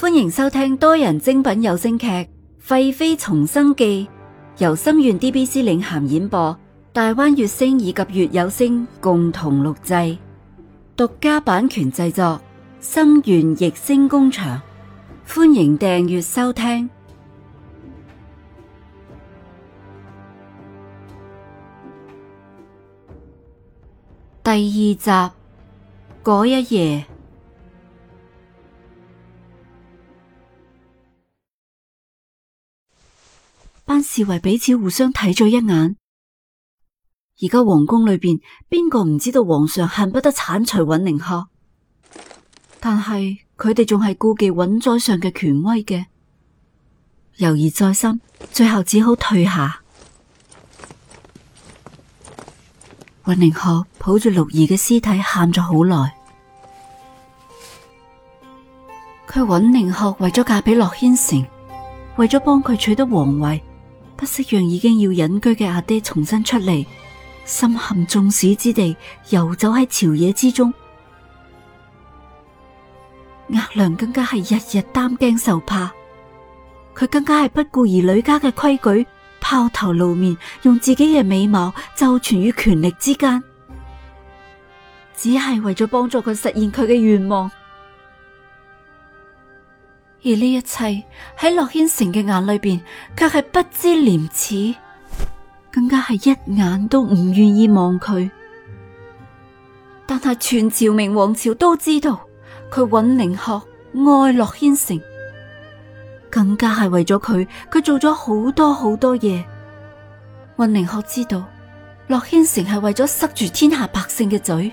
歡迎收聽多人精品有聲劇《廢妃重生記》，由心願 DBC 領銜演播，大灣月星以及月有聲共同錄製，獨家版權製作，心願逸聲工場。歡迎訂閱收聽第二集。嗰一夜。班侍衛彼此互相睇咗一眼，而家皇宮裏邊邊個唔知道皇上恨不得鏟除尹寧鶴，但係佢哋仲係顧忌尹宰相嘅權威嘅，猶豫再三，最後只好退下。尹寧鶴抱住六兒嘅屍體，喊咗好耐。佢尹寧鶴為咗嫁俾洛軒成，為咗幫佢取得皇位。不惜讓已經要隱居嘅阿爹，爹重新出嚟，深陷眾矢之地，游走喺朝野之中。額娘更加係日日擔驚受怕，佢更加係不顧兒女家嘅規矩，拋頭露面，用自己嘅美貌周旋於權力之間，只係為咗幫助佢實現佢嘅願望。而呢一切喺洛軒城嘅眼裏邊，卻係不知廉恥，更加係一眼都唔願意望佢。但係全朝明王朝都知道，佢尹寧學愛洛軒城，更加係為咗佢，佢做咗好多好多嘢。尹寧學知道，洛軒城係為咗塞住天下百姓嘅嘴，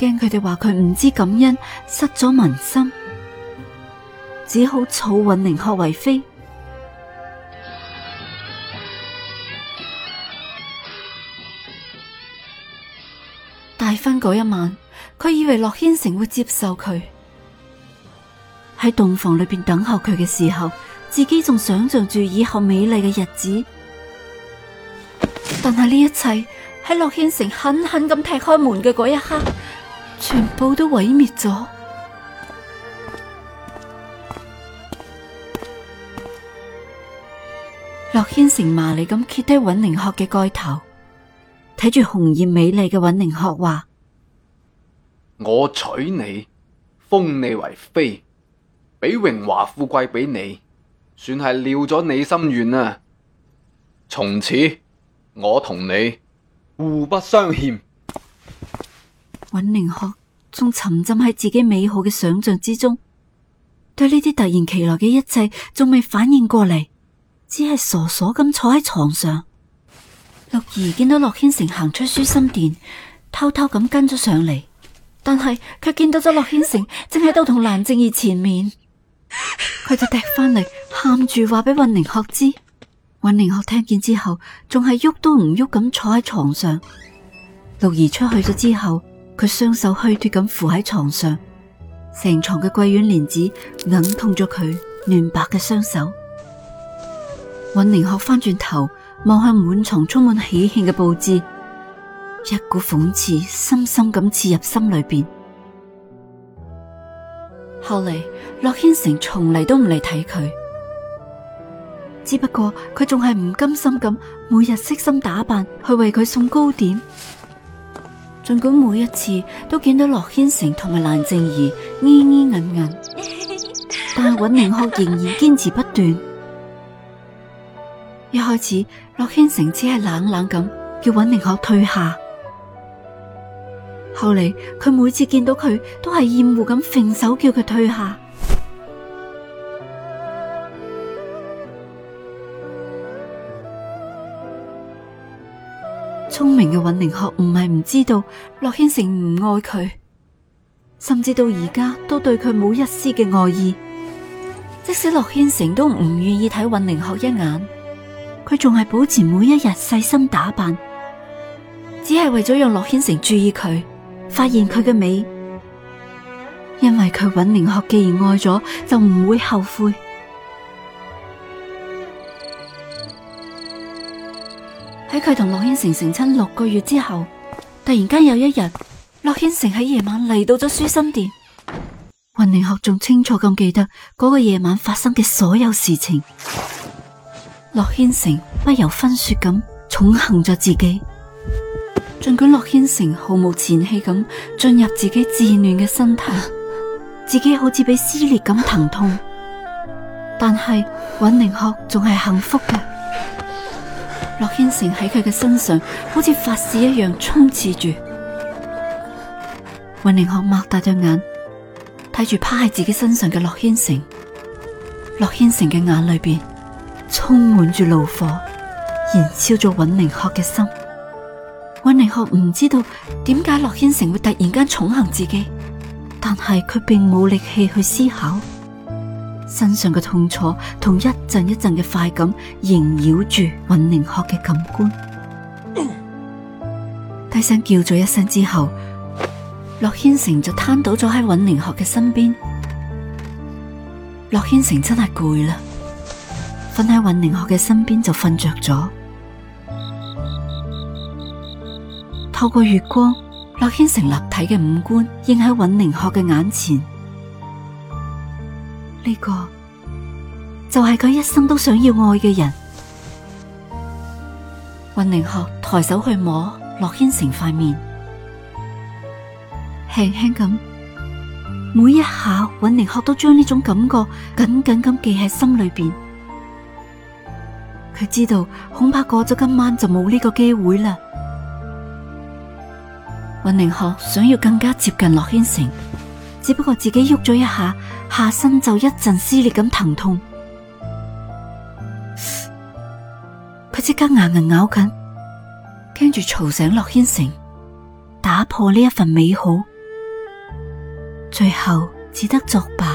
驚佢哋話佢唔知感恩，失咗民心。只好草允寧學為妃。大婚嗰一晚，佢以為洛軒成會接受佢。喺洞房裏邊等候佢嘅時候，自己仲想象住以後美麗嘅日子。但係呢一切喺洛軒成狠狠咁踢開門嘅嗰一刻，全部都毀滅咗。洛軒成麻利咁揭低尹寧學嘅蓋頭，睇住紅艷美麗嘅尹寧學話：我娶你，封你為妃，俾榮華富貴俾你，算係了咗你心願啊。從此，我同你互不相欠。尹寧學仲沉浸喺自己美好嘅想象之中，對呢啲突然其來嘅一切仲未反應過嚟。只係傻傻咁坐喺床上，六兒見到洛軒成行出書心殿，偷偷咁跟咗上嚟，但係佢見到咗洛軒成正喺度同蘭靜兒前面，佢就踢翻嚟，喊住話俾運寧學知，運寧學聽見之後，仲係喐都唔喐咁坐喺床上，六兒出去咗之後，佢雙手虛脫咁扶喺床上，成床嘅桂圓蓮子，硬痛咗佢嫩白嘅雙手。尹寧學翻轉頭望向滿床充滿喜慶嘅布置，一股諷刺深深咁刺入心裏邊。後嚟，洛軒成從嚟都唔嚟睇佢，只不過佢仲係唔甘心咁每日悉心打扮去為佢送糕點。盡管每一次都見到洛軒成同埋蘭靜兒依依眼眼，但係尹寧學仍然堅持不斷。 一開始，洛軒成只係冷冷咁叫尹寧學退下。後嚟，佢每次見到佢，都係厭惡咁揈手，叫佢退下。聰 明嘅尹寧學唔係唔知道，洛軒成唔愛佢，甚至到而家都對佢冇一絲嘅愛意。即使洛軒成都唔願意睇尹寧學一眼。佢仲係保持每一日細心打扮，只係為咗讓洛軒成注意佢，發現佢嘅美。因為佢尹寧學既然愛咗，就唔會後悔。喺佢同洛軒成成親六個月之後，突然間有一日，洛軒成喺夜晚嚟到咗舒心店，尹寧學仲清楚咁記得嗰個夜晚發生嘅所有事情。洛軒城不由分說咁寵幸咗自己，儘管洛軒城毫無前戲咁進入自己稚嫩嘅身體， 自己好似被撕裂咁疼痛，但係尹寧鶴仲係幸福嘅。洛軒城喺佢嘅身上好似發洩一樣充斥住。尹寧鶴擘大隻眼睇住趴喺自己身上嘅洛軒城，洛軒城嘅眼裏邊。充滿住怒火，燃燒咗尹寧學嘅心。尹寧學唔知道點解洛軒成會突然間寵幸自己，但係佢並冇力氣去思考，身上嘅痛楚同一陣一陣嘅快感，縈繞住尹寧學嘅感官。 低聲叫咗一聲之後，洛軒成就癱倒咗喺尹寧學嘅身邊。洛軒成真係攰啦。瞓喺尹寧學嘅身邊就瞓着咗。透過月光，洛軒成立體嘅五官映喺尹寧學嘅眼前。呢個就係佢一生都想要愛嘅人。尹寧學抬手去摸洛軒成塊面，輕輕咁每一下，尹寧學都將呢種感覺緊緊咁記喺心裏邊。佢知道恐怕過咗今晚就冇呢個機會啦。溫寧學想要更加接近樂軒城，只不過自己喐咗一下，下身就一陣撕裂咁疼痛。佢即刻牙齦咬緊，驚住吵醒樂軒城，打破呢一份美好，最後只得作罷。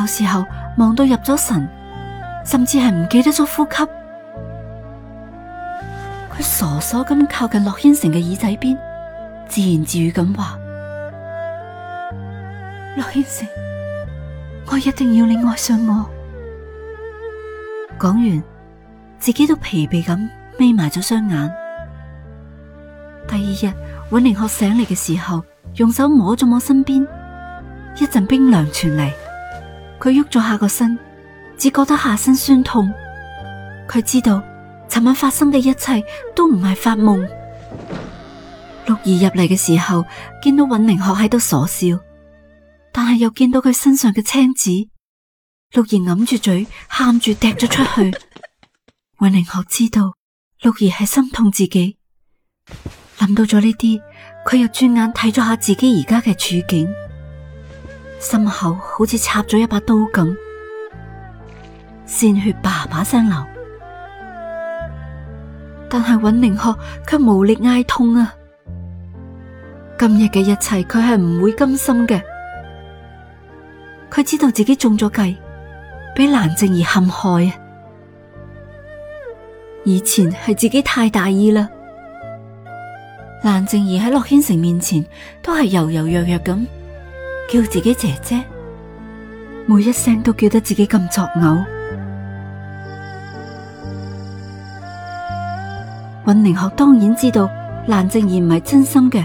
有時候望到入咗神。甚至係唔記得咗呼吸，佢傻傻咁靠近洛軒城嘅耳仔邊，自言自語咁話：洛軒城，我一定要你愛上我。講完，自己都疲憊咁眯埋咗雙眼。第二日，尹寧學醒嚟嘅時候，用手摸咗我身邊，一陣冰涼傳嚟，佢喐咗下個身。只覺得下身酸痛，佢知道尋晚發生嘅一切都唔係發夢。六兒入嚟嘅時候，見到尹寧學喺度傻笑，但係又見到佢身上嘅青紫，六兒揞住嘴，喊住掟咗出去。尹寧學知道六兒係心痛自己，諗到咗呢啲，佢又轉眼睇咗下自己而家嘅處境，心口好似插咗一把刀咁。鮮血叭叭聲流，但係尹寧鶴卻無力嗌痛啊！今日嘅一切，佢係唔會甘心嘅。佢知道自己中咗計，俾蘭靜怡陷害啊！以前係自己太大意啦，蘭靜怡喺駱軒成面前都係柔柔弱弱咁叫自己姐姐，每一聲都叫得自己咁作嘔。尹寧學當然知道蘭靜兒唔係真心嘅，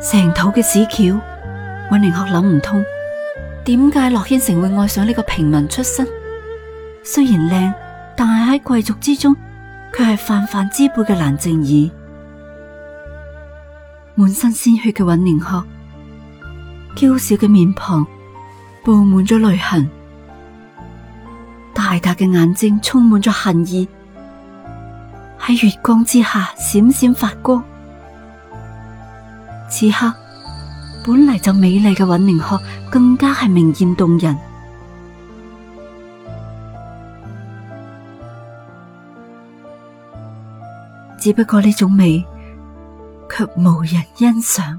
成肚嘅屎橋，尹寧學諗唔通，點解駱軒成會愛上呢個平民出身？雖然靚，但係喺貴族之中，佢係泛泛之輩嘅蘭靜兒。滿身鮮血嘅尹寧學，嬌小嘅面龐布滿咗淚痕，大大嘅眼睛充滿咗恨意，喺月光之下閃閃發光，此刻本嚟就美麗嘅尹寧珂更加係明艷動人，只不過呢種美卻無人欣賞。